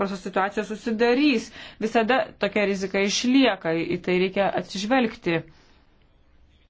paprastos situacijos susidarys. Visada tokia rizika išlieka, į tai reikia atsižvelgti.